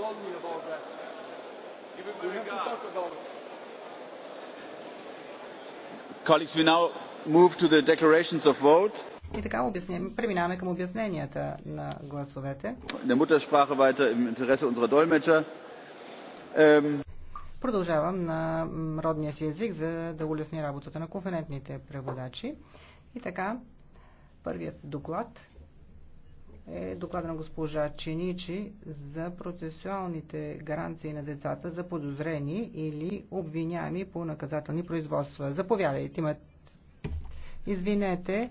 told me about that. Give him a have to talk about it. Colleagues, we now move to the declarations of vote. И така преминаваме към обясненията на гласовете. Продължавам на родния си език, за да улесни работата на конферентните преводачи. И така, първият доклад е доклада на госпожа Ченичи за процесуалните гаранции на децата за подозрени или обвиняеми по наказателни производства. Заповядайте, имат... Извинете,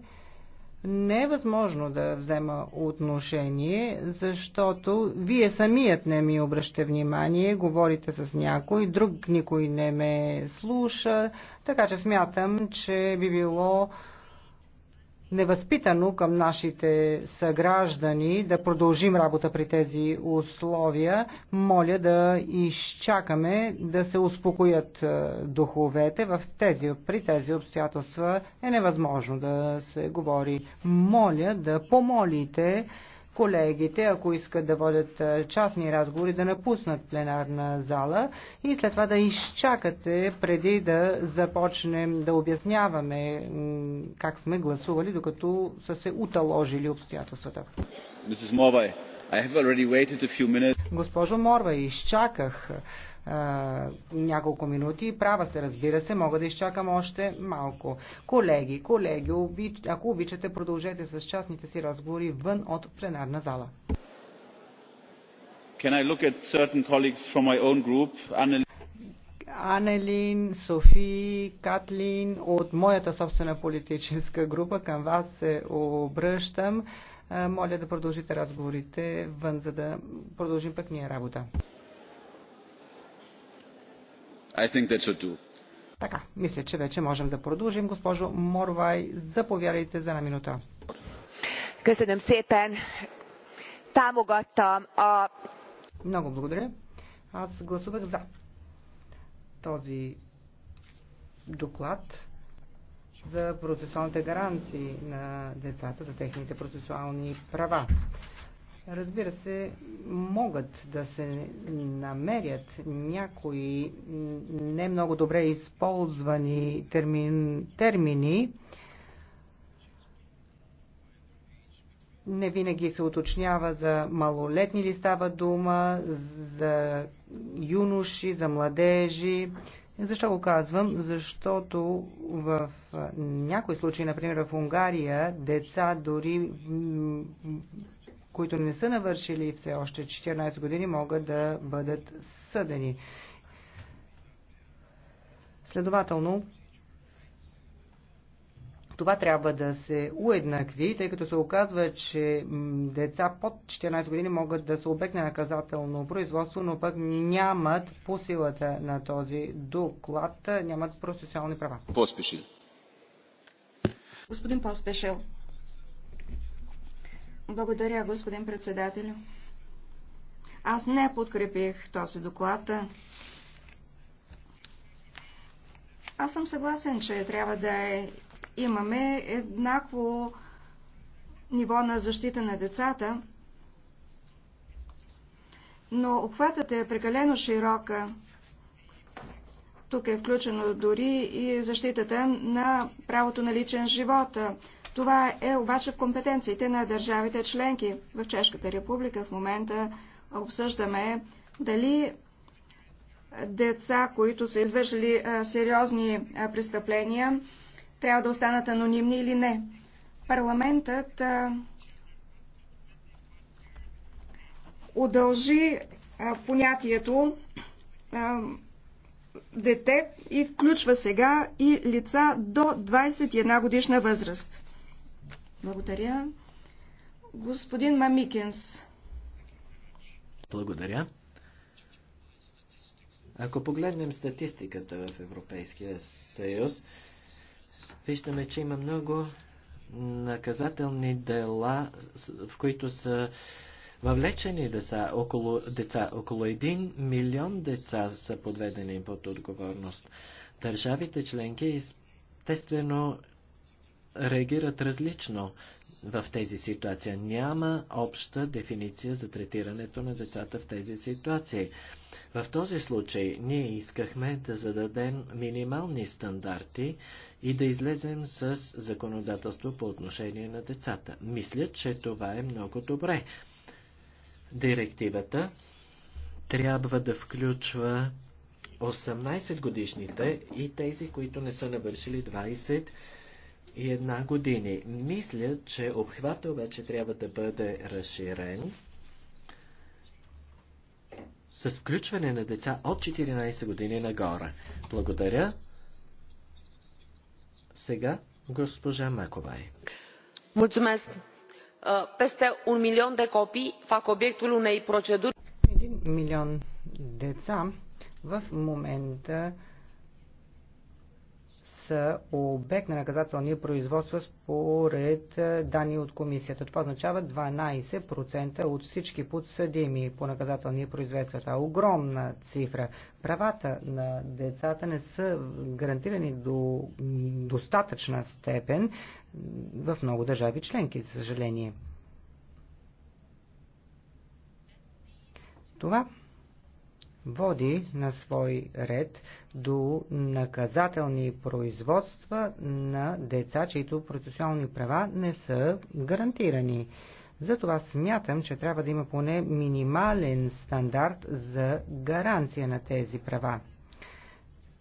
не е възможно да взема отношение, защото вие самият не ми обръщате внимание, говорите с някой, друг никой не ме слуша, така че смятам, че би било невъзпитано към нашите съграждани да продължим работа при тези условия. Моля да изчакаме да се успокоят е, духовете. В тези, при тези обстоятелства е невъзможно да се говори. Моля да помолите колегите, ако искат да водят частни разговори, да напуснат пленарна зала и след това да изчакате преди да започнем да обясняваме как сме гласували, докато са се уталожили обстоятелствата. Госпожо Морва, изчаках а, няколко минути. Права се, разбира се, мога да изчакам още малко. Колеги, колеги, обич... ако обичате, продължете с частните си разговори вън от пленарна зала. Can I look at certain colleagues from my own group? Annel... Анелин, Софи, Катлин от моята собствена политическа група към вас се обръщам. Моля да продължите разговорите вън, за да продължим пък ние работа. I think that should do. Така, мисля, че вече можем да продължим. Госпожо Морвай, заповядайте за една минута. Köszönöm сепен. Támogattam a... Много благодаря. Аз гласувах за този доклад за процесуалните гаранции на децата, за техните процесуални права. Разбира се, могат да се намерят някои не много добре използвани термин, термини. Не винаги се уточнява за малолетни ли става дума, за юноши, за младежи. Защо го казвам? Защото в някои случаи, например в Унгария, деца дори които не са навършили все още 14 години, могат да бъдат съдени. Следователно, това трябва да се уеднакви, тъй като се оказва, че деца под 14 години могат да се обект на наказателно производство, но пък нямат по силата на този доклад, нямат процесуални права. Поспешил. Господин Поспешил, благодаря, господин председател. Аз не подкрепих този доклад. Аз съм съгласен, че трябва да имаме еднакво ниво на защита на децата, но обхватът е прекалено широка. Тук е включено дори и защитата на правото на личен живот. Това е обаче в компетенциите на държавите членки. В Чешката република в момента обсъждаме дали деца, които са извършили сериозни престъпления, трябва да останат анонимни или не. Парламентът удължи понятието дете и включва сега и лица до 21 годишна възраст. Благодаря. Господин Мамикенс. Благодаря. Ако погледнем статистиката в Европейския съюз, виждаме, че има много наказателни дела, в които са въвлечени деца, около, деца, около 1 милион деца са подведени под отговорност. Държавите членки естествено реагират различно в тези ситуации. Няма обща дефиниция за третирането на децата в тези ситуации. В този случай ние искахме да зададем минимални стандарти и да излезем с законодателство по отношение на децата. Мисля, че това е много добре. Директивата трябва да включва 18 годишните и тези, които не са навършили 20 една години. Мисля, че обхвата обаче трябва да бъде разширен с включване на деца от 14 години нагоре. Благодаря. Сега госпожа Маковай. Mulțumesc. Peste е, un milion de copii fac obiectul unei proceduri. Един милион деца в момента са обект на наказателни производства според е, данни от комисията. Това означава 12% от всички подсъдими по наказателни производства. Това е огромна цифра. Правата на децата не са гарантирани до достатъчна степен в много държави членки, за съжаление. Това води на свой ред до наказателни производства на деца, чието процесуални права не са гарантирани. Затова смятам, че трябва да има поне минимален стандарт за гаранция на тези права.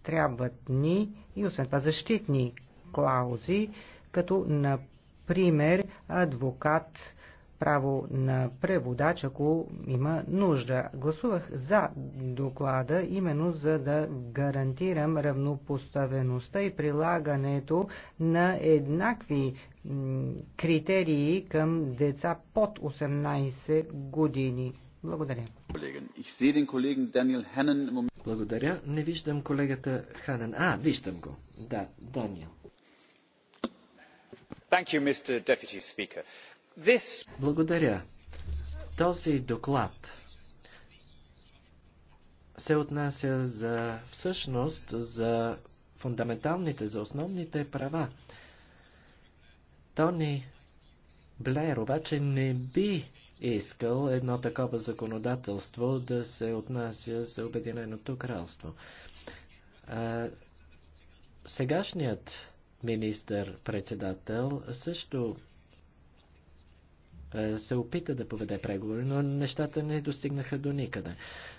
Трябват ни и освен това защитни клаузи, като например адвокат, право на преводач, ако има нужда. Гласувах за доклада, именно за да гарантирам равнопоставеността и прилагането на еднакви критерии към деца под 18 години. Благодаря. Благодаря. Не виждам колегата Ханен. А, виждам го. Да, Даниел. Thank you, Mr. Deputy Speaker. Благодаря. Този доклад се отнася за всъщност за фундаменталните, за основните права. Тони Блер обаче не би искал едно такова законодателство да се отнася за Обединеното кралство. А, сегашният министър-председател също е, се опита да поведе преговори, но нещата не достигнаха до никъде.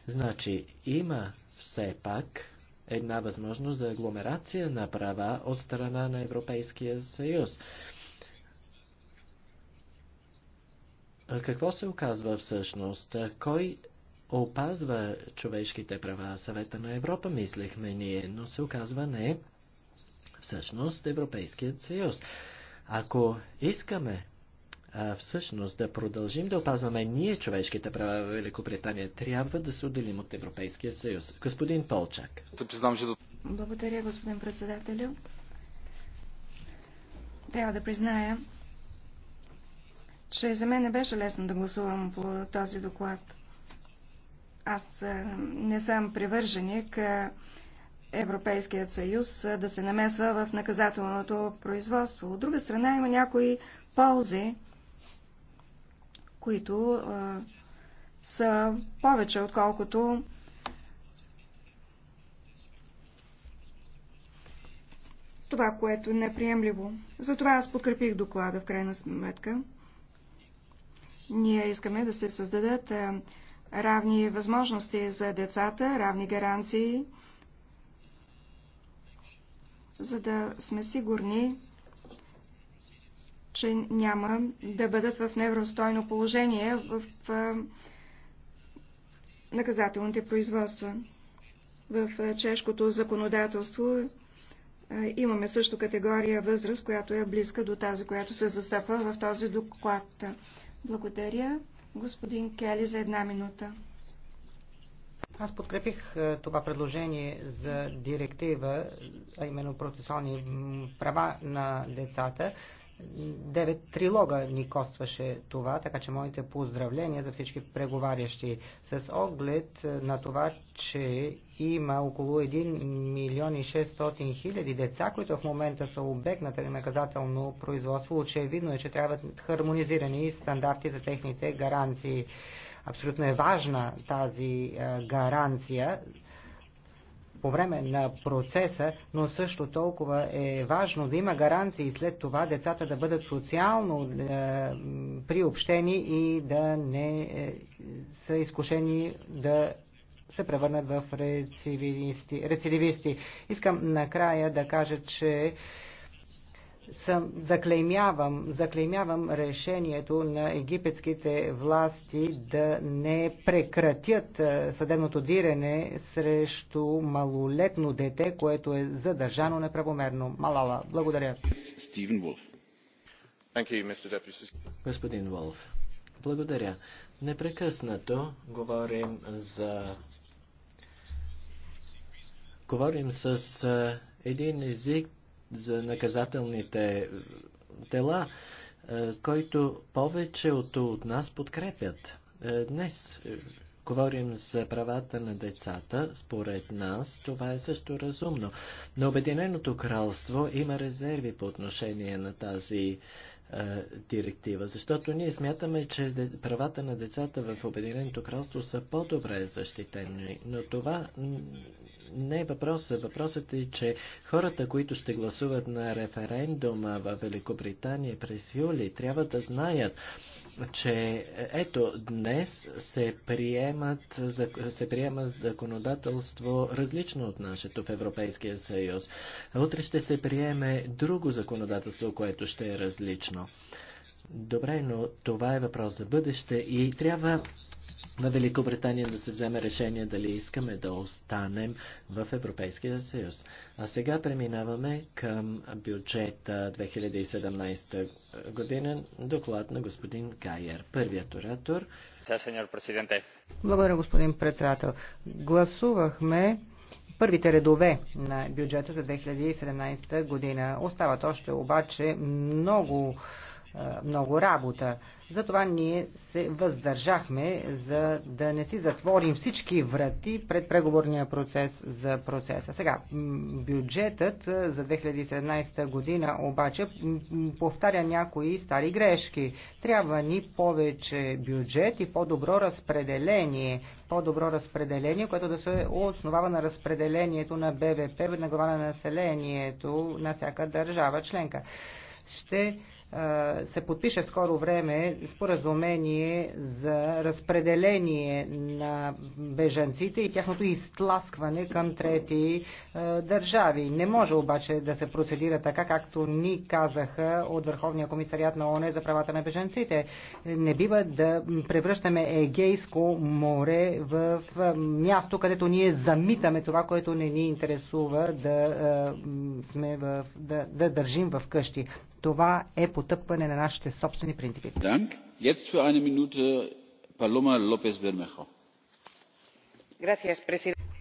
Значи, има все пак една възможност за агломерация на права от страна на Европейския съюз. Какво се оказва всъщност? Кой опазва човешките права? Съвета на Европа, мислехме ние, но се оказва не всъщност Европейският съюз. Ако искаме всъщност да продължим да опазваме ние човешките права в Великобритания, трябва да се отделим от Европейския съюз. Господин Полчак. Благодаря, господин председателю. Трябва да призная, че за мен не беше лесно да гласувам по този доклад. Аз не съм привърженик Европейският съюз да се намесва в наказателното производство. От друга страна има някои ползи, които а, са повече, отколкото това, което е неприемливо. Затова аз подкрепих доклада в крайна сметка. Ние искаме да се създадат а, равни възможности за децата, равни гаранции, за да сме сигурни, че няма да бъдат в невростойно положение в наказателните производства. В чешкото законодателство имаме също категория възраст, която е близка до тази, която се застъпва в този доклад. Благодаря, господин Кели, за една минута. Аз подкрепих това предложение за директива, а именно процесуални права на децата, Девет трилога ни костваше това, така че моите поздравления за всички преговарящи с оглед на това, че има около 1 милион и 600 хиляди деца, които в момента са обект на наказателно производство. Очевидно е, че трябват хармонизирани стандарти за техните гаранции. Абсолютно е важна тази гаранция по време на процеса, но също толкова е важно да има гаранции след това децата да бъдат социално е, приобщени и да не е, са изкушени да се превърнат в рецидивисти. рецидивисти. Искам накрая да кажа, че съм, заклеймявам, заклеймявам решението на египетските власти да не прекратят е, съдебното дирене срещу малолетно дете, което е задържано неправомерно. Малала, благодаря. Господин Волф, благодаря. Непрекъснато говорим за... Говорим с е, един език, за наказателните дела, е, е, който повечето от нас подкрепят. Е, днес говорим за правата на децата. Според нас това е също разумно. Но Обединеното кралство има резерви по отношение на тази директива, защото ние смятаме, че правата на децата в Обединеното кралство са по-добре защитени, но това не е въпросът. Въпросът е, че хората, които ще гласуват на референдума в Великобритания през юли, трябва да знаят, че ето днес се, приемат, се приема законодателство различно от нашето в Европейския съюз. Утре ще се приеме друго законодателство, което ще е различно. Добре, но това е въпрос за бъдеще и трябва на Великобритания да се вземе решение дали искаме да останем в Европейския съюз. А сега преминаваме към бюджета 2017 година. Доклад на господин Гайер. Първият оратор. Благодаря, господин председател. Гласувахме първите редове на бюджета за 2017 година. Остават още обаче много е, много работа. Затова ние се въздържахме, за да не си затворим всички врати пред преговорния процес за процеса. Сега, бюджетът е, за 2017 година обаче повтаря някои стари грешки. Трябва ни повече бюджет и по-добро разпределение. По-добро разпределение, което да се основава на разпределението на БВП на глава на населението на всяка държава членка. Ще се подпише в скоро време споразумение за разпределение на бежанците и тяхното изтласкване към трети държави. Не може обаче да се процедира така, както ни казаха от Върховния комисариат на ОНЕ за правата на бежанците. Не бива да превръщаме Егейско море в място, където ние замитаме това, което не ни интересува да, сме в, да, да държим в къщи. Това е потъпване на нашите собствени принципи.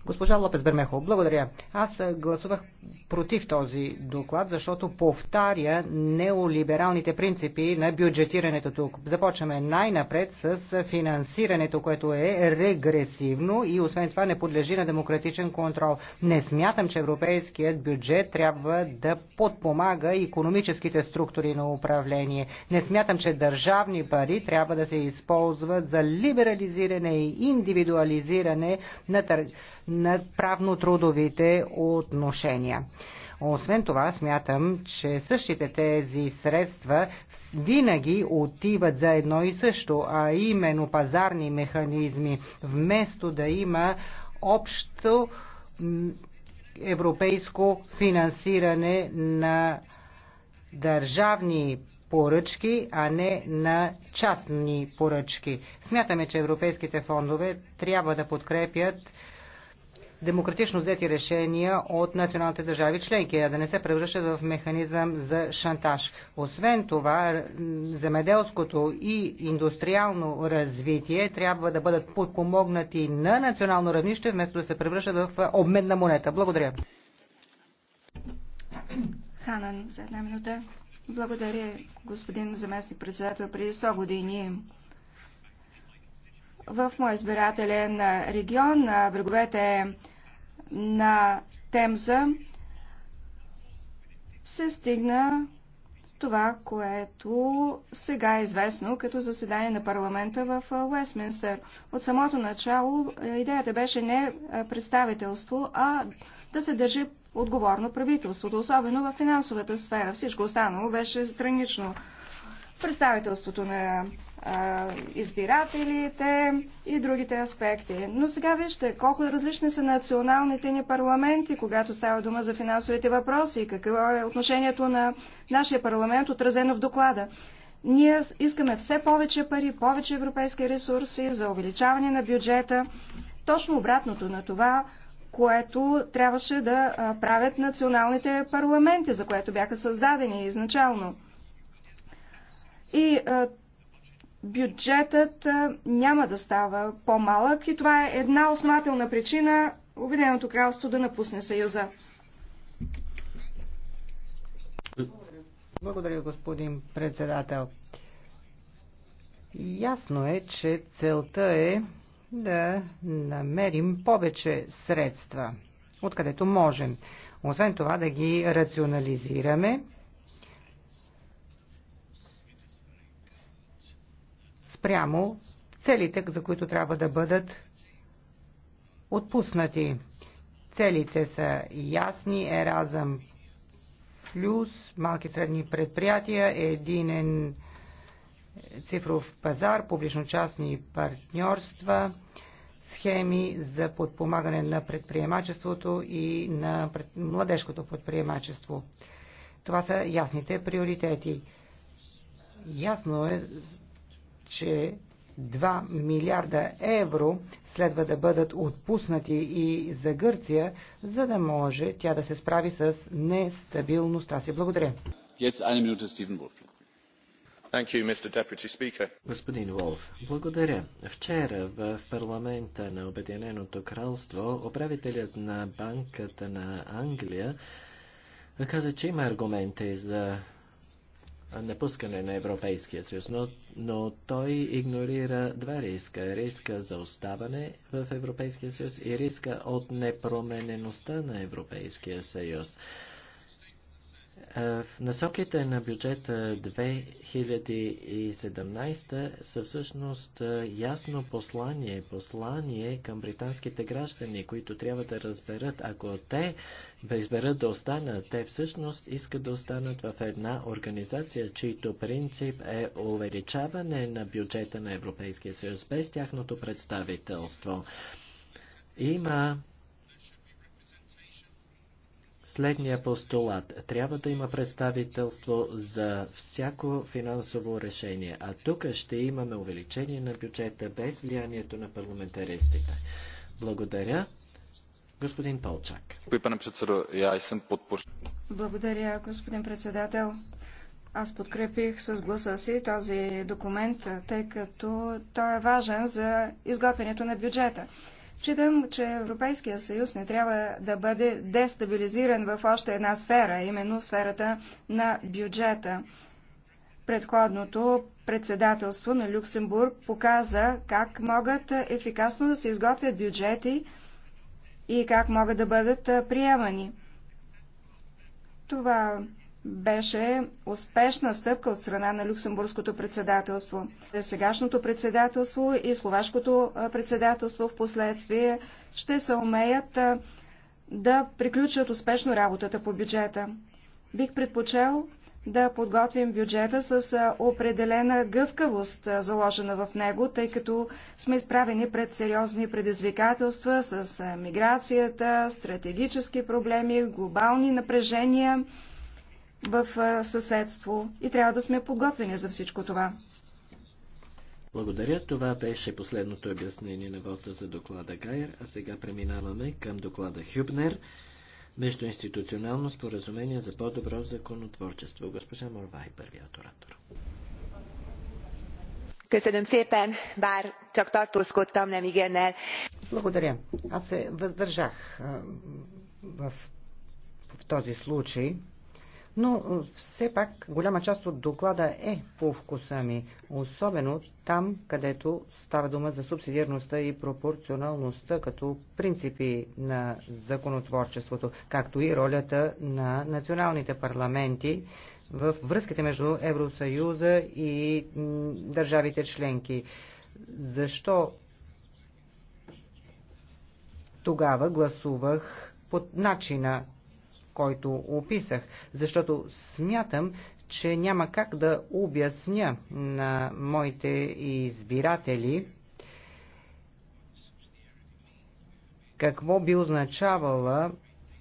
Госпожа Лопес Бермехо, благодаря. Аз гласувах против този доклад, защото повтаря неолибералните принципи на бюджетирането тук. Започваме най-напред с финансирането, което е регресивно и освен това не подлежи на демократичен контрол. Не смятам, че европейският бюджет трябва да подпомага економическите структури на управление. Не смятам, че държавни пари трябва да се използват за либерализиране и индивидуализиране на търговията на правно-трудовите отношения. Освен това, смятам, че същите тези средства винаги отиват за едно и също, а именно пазарни механизми, вместо да има общо европейско финансиране на държавни поръчки, а не на частни поръчки. Смятаме, че европейските фондове трябва да подкрепят демократично взети решения от националните държави членки, а да не се превръщат в механизъм за шантаж. Освен това, земеделското и индустриално развитие трябва да бъдат подпомогнати на национално равнище, вместо да се превръщат в обмен на монета. Благодаря. Ханан, за една минута. Благодаря, господин заместник председател. Преди 100 години в моя избирателен регион враговете. бреговете на Темза се стигна това, което сега е известно като заседание на парламента в Уестминстър. От самото начало идеята беше не представителство, а да се държи отговорно правителството, особено в финансовата сфера. Всичко останало беше странично. Представителството на избирателите и другите аспекти. Но сега вижте колко различни са националните ни парламенти, когато става дума за финансовите въпроси и какво е отношението на нашия парламент, отразено в доклада. Ние искаме все повече пари, повече европейски ресурси за увеличаване на бюджета. Точно обратното на това, което трябваше да правят националните парламенти, за което бяха създадени изначално. И бюджетът няма да става по-малък и това е една основателна причина Обединеното кралство да напусне Съюза. Благодаря, господин председател. Ясно е, че целта е да намерим повече средства, откъдето можем. Освен това да ги рационализираме, спрямо целите, за които трябва да бъдат отпуснати. Целите са ясни, еразъм плюс, малки средни предприятия, единен цифров пазар, публично-частни партньорства, схеми за подпомагане на предприемачеството и на младежкото предприемачество. Това са ясните приоритети. Ясно е че 2 милиарда евро следва да бъдат отпуснати и за Гърция, за да може тя да се справи с нестабилността си. Благодаря. You, Господин Волф, благодаря. Вчера в парламента на Обединеното кралство управителят на банката на Англия каза, че има аргументи за напускане на Европейския съюз, но, но той игнорира два риска. Риска за оставане в Европейския съюз и риска от непроменеността на Европейския съюз. Е, в насоките на бюджета 2017 са всъщност е, ясно послание, послание към британските граждани, които трябва да разберат, ако те изберат да останат, те всъщност искат да останат в една организация, чийто принцип е увеличаване на бюджета на Европейския съюз без тяхното представителство. Има следния постулат. Трябва да има представителство за всяко финансово решение, а тук ще имаме увеличение на бюджета без влиянието на парламентаристите. Благодаря. Господин Полчак. Благодаря, господин председател. Аз подкрепих с гласа си този документ, тъй като той е важен за изготвянето на бюджета. Читам, че Европейския съюз не трябва да бъде дестабилизиран в още една сфера, именно в сферата на бюджета. Предходното председателство на Люксембург показа как могат ефикасно да се изготвят бюджети и как могат да бъдат приемани. Това беше успешна стъпка от страна на Люксембургското председателство. Сегашното председателство и словашкото председателство в последствие ще се умеят да приключат успешно работата по бюджета. Бих предпочел да подготвим бюджета с определена гъвкавост, заложена в него, тъй като сме изправени пред сериозни предизвикателства с миграцията, стратегически проблеми, глобални напрежения в съседство и трябва да сме подготвени за всичко това. Благодаря. Това беше последното обяснение на вота за доклада Гайер, а сега преминаваме към доклада Хюбнер. Междуинституционално споразумение за по-добро законотворчество. Госпожа Морвай, първият оратор. Köszönöm szépen, bár csak tartózkodtam, nem igennel. Благодаря. Аз се въздържах в, в този случай. Но е, все пак голяма част от доклада е по вкуса ми, особено там, където става дума за субсидиарността и пропорционалността като принципи на законотворчеството, както и ролята на националните парламенти в връзките между Евросъюза и държавите членки. Защо тогава гласувах по начина, който описах, защото смятам, че няма как да обясня на моите избиратели какво би означавала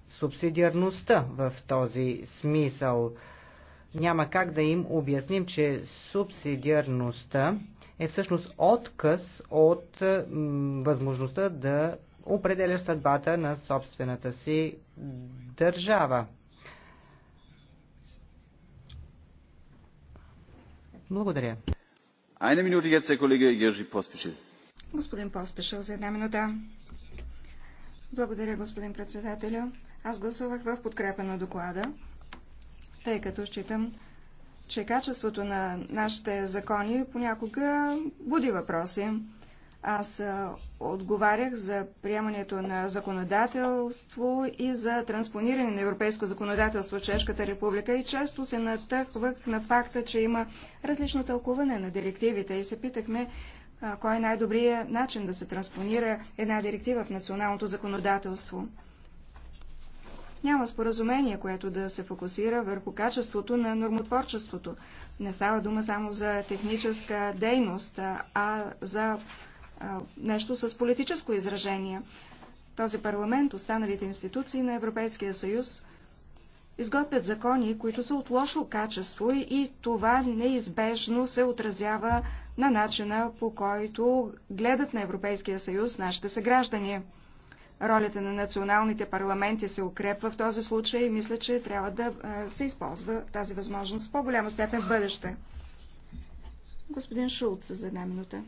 субсидиарността в този смисъл. Няма как да им обясним, че субсидиарността е всъщност отказ от възможността да определя съдбата на собствената си държава. Благодаря. Eine минути, гетце, колега Гержи Jerzy Господин Поспешил за една минута. Благодаря, господин председателю. Аз гласувах в подкрепа на доклада, тъй като считам, че качеството на нашите закони понякога буди въпроси. Аз отговарях за приемането на законодателство и за транспониране на европейско законодателство в Чешката република и често се натъквах на факта, че има различно тълкуване на директивите и се питахме кой е най-добрият начин да се транспонира една директива в националното законодателство. Няма споразумение, което да се фокусира върху качеството на нормотворчеството. Не става дума само за техническа дейност, а за нещо с политическо изражение. Този парламент, останалите институции на Европейския съюз изготвят закони, които са от лошо качество и това неизбежно се отразява на начина по който гледат на Европейския съюз нашите съграждани. Ролята на националните парламенти се укрепва в този случай и мисля, че трябва да се използва тази възможност в по-голяма степен в бъдеще. Господин Шулц за една минута.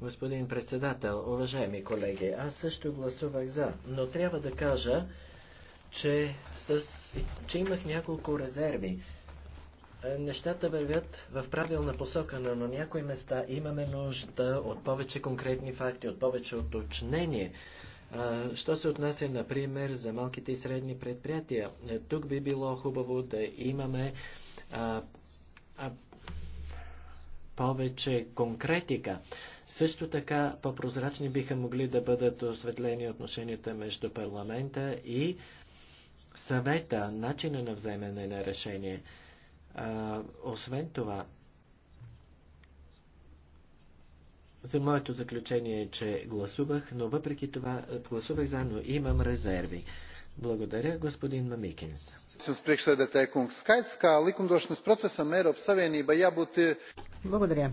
Господин председател, уважаеми колеги, аз също гласувах за, но трябва да кажа, че, с, че имах няколко резерви. Е, нещата вървят в правилна посока, но на някои места имаме нужда от повече конкретни факти, от повече уточнение. Е, що се отнася, например, за малките и средни предприятия? Е, тук би било хубаво да имаме а, а, повече конкретика. Също така по-прозрачни биха могли да бъдат осветлени отношенията между парламента и съвета, начина на вземане на решение. А, освен това, за моето заключение е, че гласувах, но въпреки това е, гласувах заедно. Имам резерви. Благодаря, господин Мамикинс. Благодаря.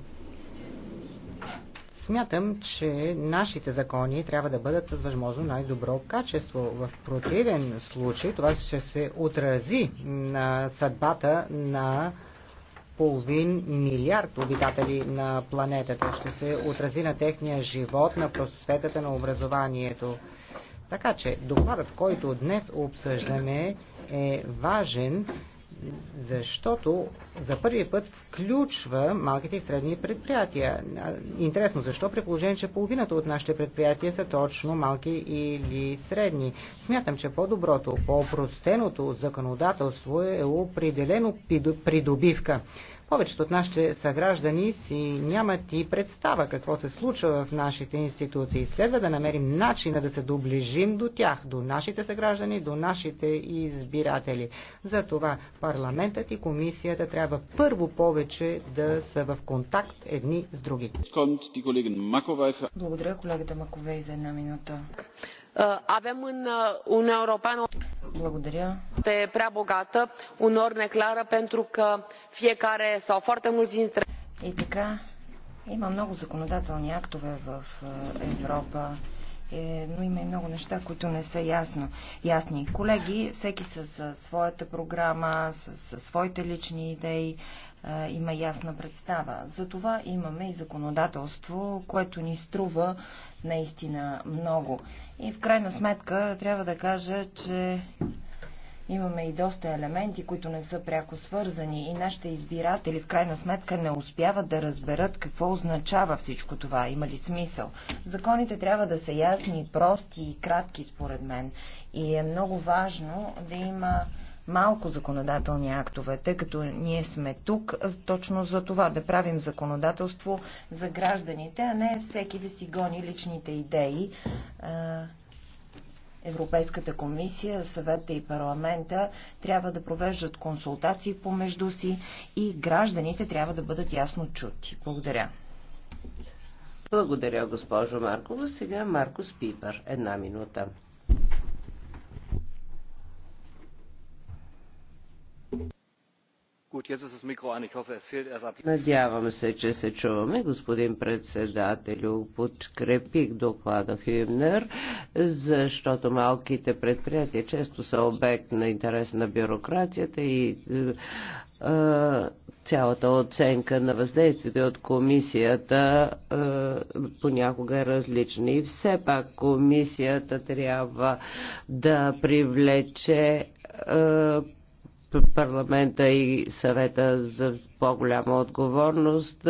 Смятам, че нашите закони трябва да бъдат с възможно най-добро качество. В противен случай това ще се отрази на съдбата на половин милиард обитатели на планетата. Ще се отрази на техния живот, на просветата на образованието. Така че докладът, който днес обсъждаме, е важен защото за първи път включва малките и средни предприятия. Интересно, защо при положение, че половината от нашите предприятия са точно малки или средни? Смятам, че по-доброто, по-простеното законодателство е определено придобивка. Повечето от нашите съграждани си нямат и представа какво се случва в нашите институции. Следва да намерим начина да се доближим до тях, до нашите съграждани, до нашите избиратели. Затова парламентът и комисията трябва първо повече да са в контакт едни с други. Благодаря колегата Маковей за една минута avem în uniunea europeană o societate prea bogată uneori neclară pentru că fiecare sau foarte mulți dintre казахте, но има и много неща, които не са ясно, ясни. Колеги, всеки с своята програма, с своите лични идеи, има ясна представа. Затова имаме и законодателство, което ни струва наистина много. И в крайна сметка трябва да кажа, че Имаме и доста елементи, които не са пряко свързани и нашите избиратели в крайна сметка не успяват да разберат какво означава всичко това, има ли смисъл. Законите трябва да са ясни, прости и кратки, според мен. И е много важно да има малко законодателни актове, тъй като ние сме тук точно за това, да правим законодателство за гражданите, а не всеки да си гони личните идеи Европейската комисия, съвета и парламента трябва да провеждат консултации помежду си и гражданите трябва да бъдат ясно чути. Благодаря. Благодаря, госпожо Маркова. Сега Маркус Пипър. Една минута. Надявам се, че се чуваме, господин председателю. Подкрепих доклада Хюмнер, защото малките предприятия често са обект на интерес на бюрокрацията и е, е, цялата оценка на въздействието от комисията е, понякога е различна. И все пак комисията трябва да привлече е, парламента и съвета за по-голяма отговорност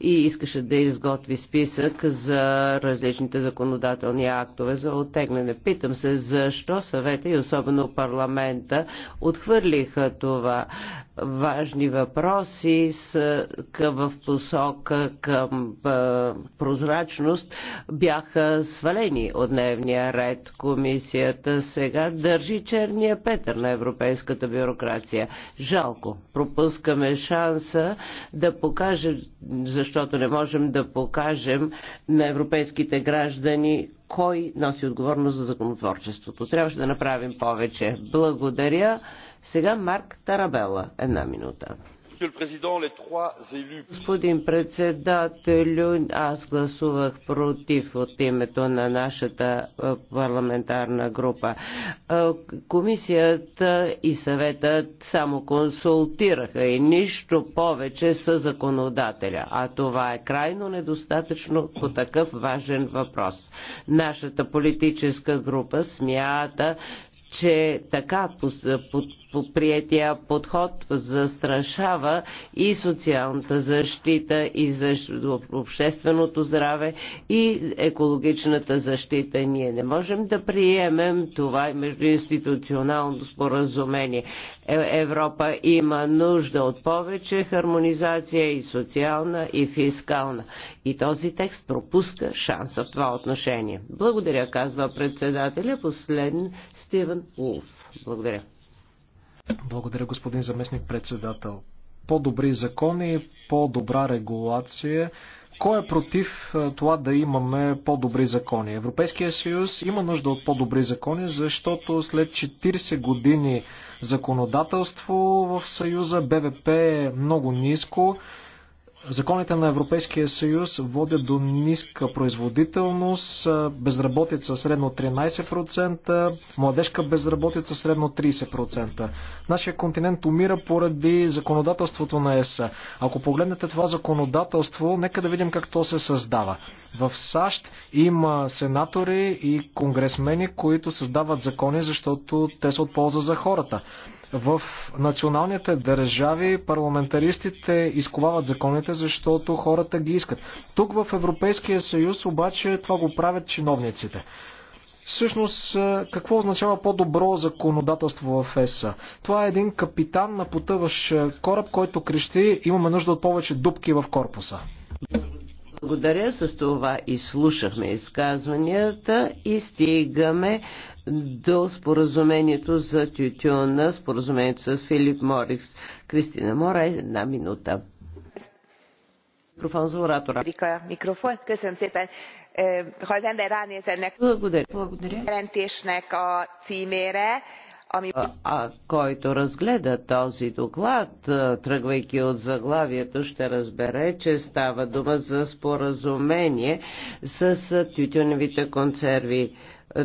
и искаше да изготви списък за различните законодателни актове за оттегляне. Питам се защо съвета и особено парламента отхвърлиха това важни въпроси с, къ, в посока към е, прозрачност бяха свалени от дневния ред. Комисията сега държи черния петър на европейската бюрокрация. Жалко. Пропускаме шанс шанса да покаже, защото не можем да покажем на европейските граждани кой носи отговорност за законотворчеството. Трябваше да направим повече. Благодаря. Сега Марк Тарабела. Една минута. Господин председател, аз гласувах против от името на нашата парламентарна група. Комисията и съветът само консултираха и нищо повече с законодателя, а това е крайно недостатъчно по такъв важен въпрос. Нашата политическа група смята, че така приятия подход застрашава и социалната защита, и защ... общественото здраве, и екологичната защита. Ние не можем да приемем това междуинституционално споразумение. Е, Европа има нужда от повече хармонизация и социална, и фискална. И този текст пропуска шанса в това отношение. Благодаря, казва председателя. Последен Стивен Улф. Благодаря. Благодаря, господин заместник председател. По-добри закони, по-добра регулация. Кой е против това да имаме по-добри закони? Европейския съюз има нужда от по-добри закони, защото след 40 години законодателство в съюза БВП е много ниско. Законите на Европейския съюз водят до ниска производителност, безработица средно 13%, младежка безработица средно 30%. Нашия континент умира поради законодателството на ЕС. Ако погледнете това законодателство, нека да видим как то се създава. В САЩ има сенатори и конгресмени, които създават закони, защото те са от полза за хората. В националните държави парламентаристите изковават законите, защото хората ги искат. Тук в Европейския съюз обаче това го правят чиновниците. Всъщност, какво означава по-добро законодателство в ЕСА? Това е един капитан на потъващ кораб, който крещи имаме нужда от повече дубки в корпуса. Благодаря. С това и слушахме изказванията и стигаме до споразумението за тютюна, споразумението с Филип Морикс. Кристина Мора, една минута. Микрофон за оратора. Микрофон, късъм е, сепен. Благодаря. Благодаря. Ами, а който разгледа този доклад, тръгвайки от заглавието, ще разбере, че става дума за споразумение с тютюневите консерви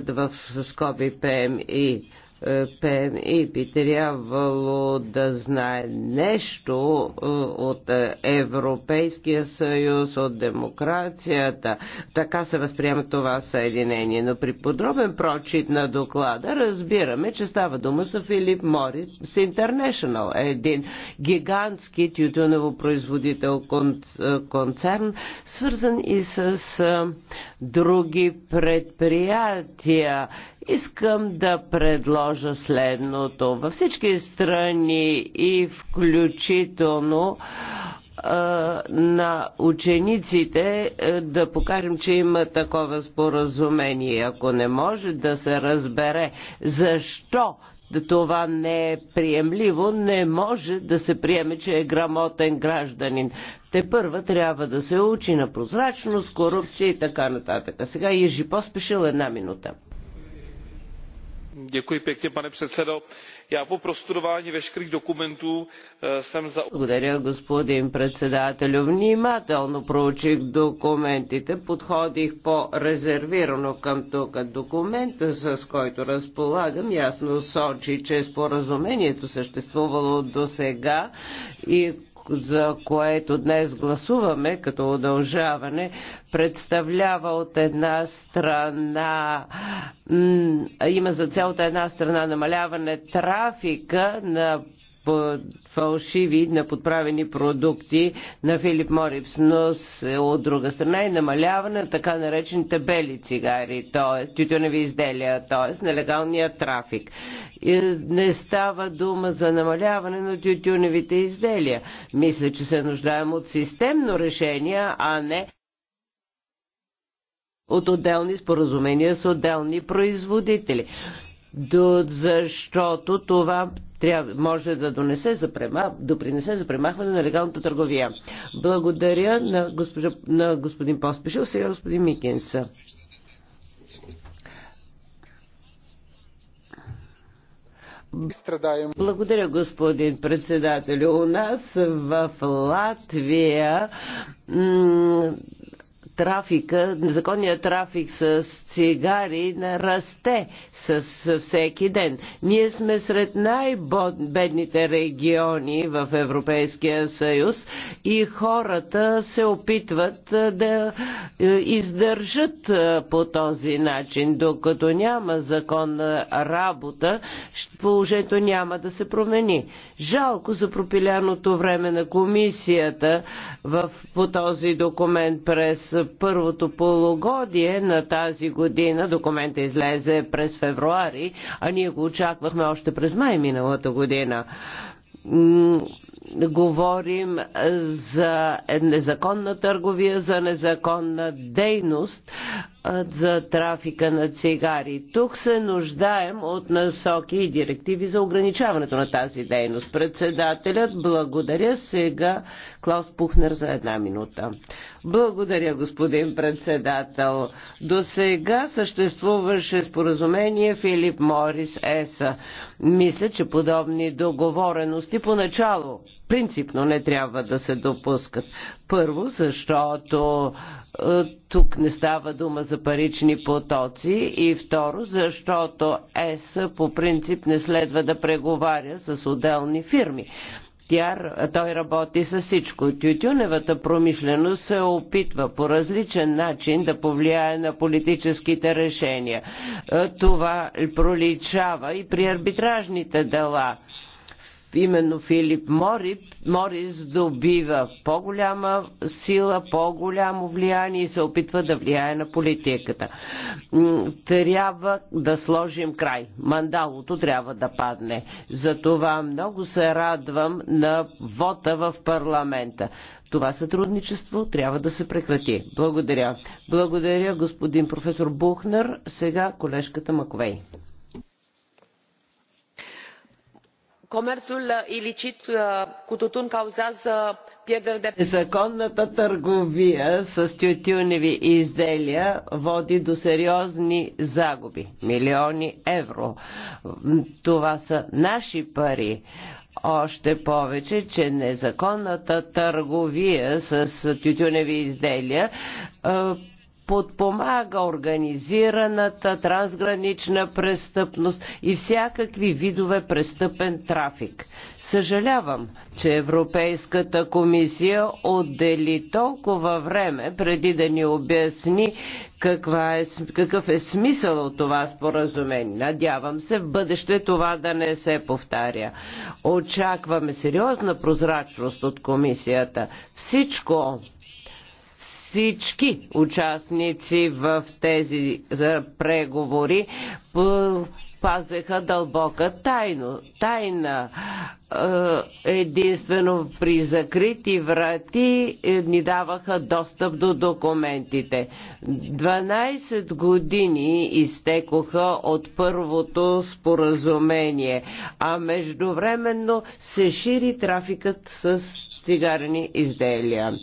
в скоби ПМИ. Е, ПМИ би трябвало да знае нещо е, от е, Европейския съюз, от демокрацията. Така се възприема това съединение. Но при подробен прочит на доклада разбираме, че става дума за Филип Морис International, един гигантски тютюневопроизводител концерн, свързан и с други предприятия. Искам да предложа следното. Във всички страни и включително на учениците да покажем, че има такова споразумение. Ако не може да се разбере защо това не е приемливо, не може да се приеме, че е грамотен гражданин. Те първа трябва да се учи на прозрачност, корупция и така нататък. А сега Ежи поспешил една минута. Eh, благодаря господин председателю. внимателно проучих документите подходих по резервирано към тук. документа с който разполагам ясно сочи че споразумението съществувало до сега и за което днес гласуваме като удължаване, представлява от една страна, има за цялата една страна намаляване трафика на фалшиви, на подправени продукти на Филип Морипс, но с, от друга страна и намаляване на така наречените бели цигари, т.е. тютюневи изделия, т.е. нелегалния трафик. И е, не става дума за намаляване на тютюневите изделия. Мисля, че се нуждаем от системно решение, а не от отделни споразумения с отделни производители защото това трябва, може да донесе за према, допринесе за премахване на легалната търговия. Благодаря на, госпожа, на господин Поспешил, сега господин Микинс. страдаем. Благодаря, господин председател. У нас в Латвия трафика, незаконният трафик с цигари расте с всеки ден. Ние сме сред най-бедните региони в Европейския съюз и хората се опитват да издържат по този начин. Докато няма законна работа, положението няма да се промени. Жалко за пропиляното време на комисията в, по този документ през първото полугодие на тази година. Документа излезе през февруари, а ние го очаквахме още през май миналата година говорим за незаконна търговия, за незаконна дейност, за трафика на цигари. Тук се нуждаем от насоки и директиви за ограничаването на тази дейност. Председателят, благодаря сега Клаус Пухнер за една минута. Благодаря, господин председател. До сега съществуваше споразумение Филип Морис ЕСА. Мисля, че подобни договорености поначало принципно не трябва да се допускат. Първо, защото е, тук не става дума за парични потоци и второ, защото ЕС по принцип не следва да преговаря с отделни фирми. Тя, той работи с всичко. Тютюневата промишленост се опитва по различен начин да повлияе на политическите решения. Е, това проличава и при арбитражните дела именно Филип Морис, Морис добива по-голяма сила, по-голямо влияние и се опитва да влияе на политиката. Трябва да сложим край. Мандалото трябва да падне. Затова много се радвам на вота в парламента. Това сътрудничество трябва да се прекрати. Благодаря. Благодаря господин професор Бухнер. Сега колежката Маковей. comerțul ilicit uh, cu tutun cauzează pierderi de. Незаконната търговия с тютюневи изделия води до сериозни загуби. Милиони евро. Това са наши пари. Още повече, че незаконната търговия с тютюневи изделия е, подпомага организираната трансгранична престъпност и всякакви видове престъпен трафик. Съжалявам, че Европейската комисия отдели толкова време преди да ни обясни каква е, какъв е смисъл от това споразумение. Надявам се в бъдеще това да не се повтаря. Очакваме сериозна прозрачност от комисията. Всичко всички участници в тези преговори пазеха дълбока тайно, тайна. Е, единствено при закрити врати е, ни даваха достъп до документите. 12 години изтекоха от първото споразумение, а междувременно се шири трафикът с цигарни изделия.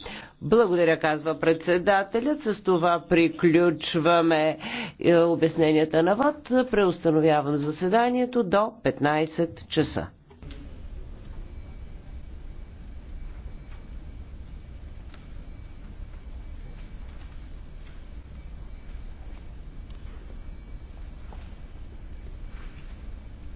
Благодаря, казва председателят. С това приключваме е, обясненията на ВАД. Преустановявам заседанието до 15 часа.